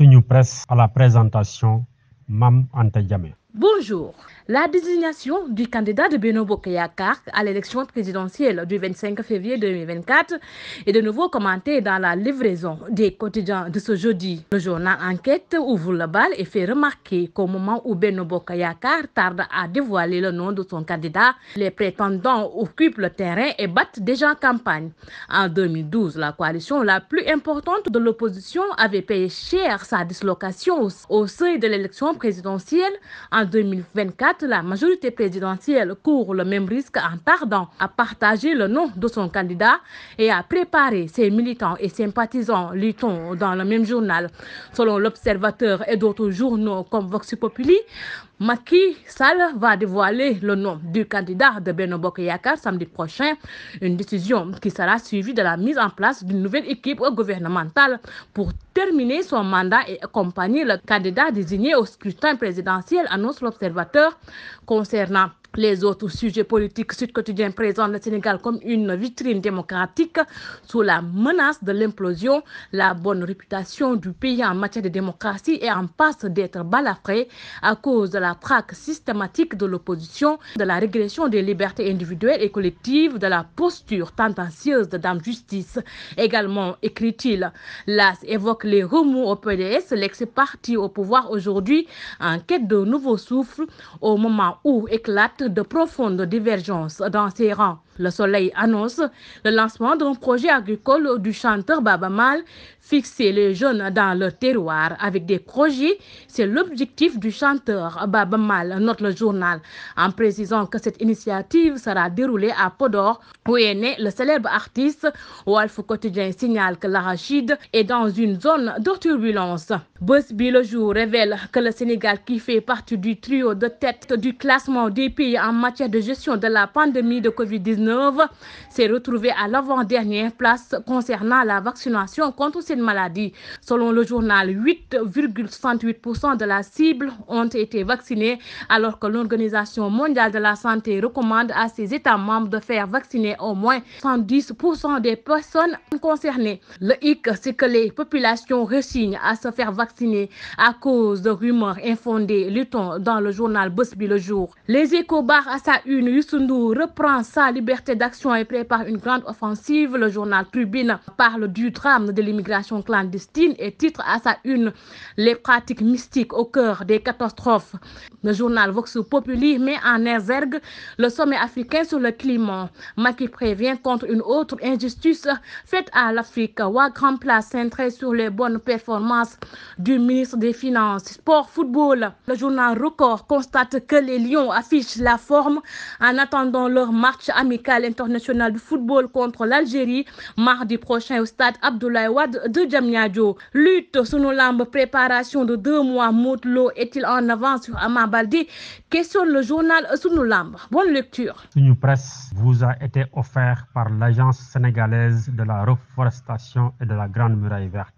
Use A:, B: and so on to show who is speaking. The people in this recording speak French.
A: nous presse à la présentation même ante Bonjour. La désignation du candidat de Benoît Bokeyakar à l'élection présidentielle du 25 février 2024 est de nouveau commentée dans la livraison des quotidiens de ce jeudi. Le journal Enquête ouvre le bal et fait remarquer qu'au moment où Benoît Bokeyakar tarde à dévoiler le nom de son candidat, les prétendants occupent le terrain et battent déjà campagne. En 2012, la coalition la plus importante de l'opposition avait payé cher sa dislocation au seuil de l'élection présidentielle en 2024, la majorité présidentielle court le même risque en tardant à partager le nom de son candidat et à préparer ses militants et sympathisants, lit dans le même journal. Selon l'Observateur et d'autres journaux comme Vox Populi, Macky Sall va dévoiler le nom du candidat de Beno Yakar samedi prochain, une décision qui sera suivie de la mise en place d'une nouvelle équipe gouvernementale pour terminer son mandat et accompagner le candidat désigné au scrutin présidentiel annoncé l'Observateur concernant les autres sujets politiques, Sud Quotidien présentent le Sénégal comme une vitrine démocratique sous la menace de l'implosion. La bonne réputation du pays en matière de démocratie est en passe d'être balafrée à cause de la traque systématique de l'opposition, de la régression des libertés individuelles et collectives, de la posture tendancieuse de Dame Justice. Également, écrit-il, l'AS évoque les remous au PDS, l'ex-parti au pouvoir aujourd'hui en quête de nouveaux souffles au moment où éclate de profondes divergences dans ses rangs. Le Soleil annonce le lancement d'un projet agricole du chanteur Babamal, fixer les jeunes dans le terroir avec des projets. C'est l'objectif du chanteur Babamal, note le journal, en précisant que cette initiative sera déroulée à Podor, où est né le célèbre artiste. Wolf Quotidien signale que l'arachide est dans une zone de turbulence. Bosby le jour révèle que le Sénégal, qui fait partie du trio de tête du classement des pays en matière de gestion de la pandémie de COVID-19, s'est retrouvé à l'avant-dernière place concernant la vaccination contre cette maladie. Selon le journal, 8,68% de la cible ont été vaccinés alors que l'Organisation mondiale de la santé recommande à ses États membres de faire vacciner au moins 110% des personnes concernées. Le hic, c'est que les populations résignent à se faire vacciner à cause de rumeurs infondées, Luton dans le journal Bosby le jour. Les éco à sa une, Yusundu reprend sa liberté d'action d'action et par une grande offensive. Le journal Tribune parle du drame de l'immigration clandestine et titre à sa une les pratiques mystiques au cœur des catastrophes. Le journal Vox Populi met en exergue le sommet africain sur le climat. qui prévient contre une autre injustice faite à l'Afrique. Wag Place centré sur les bonnes performances du ministre des Finances. Sport, football. Le journal Record constate que les Lions affichent la forme en attendant leur match amical international du football contre l'Algérie mardi prochain au stade Abdoulaye Wad de Djamniadjo. Lutte sous nos lambes, préparation de deux mois, Moutlo est-il en avance sur Amabaldi Questionne le journal sous nos lambes. Bonne lecture. Une presse vous a été offerte par l'Agence sénégalaise de la reforestation et de la Grande Muraille Verte.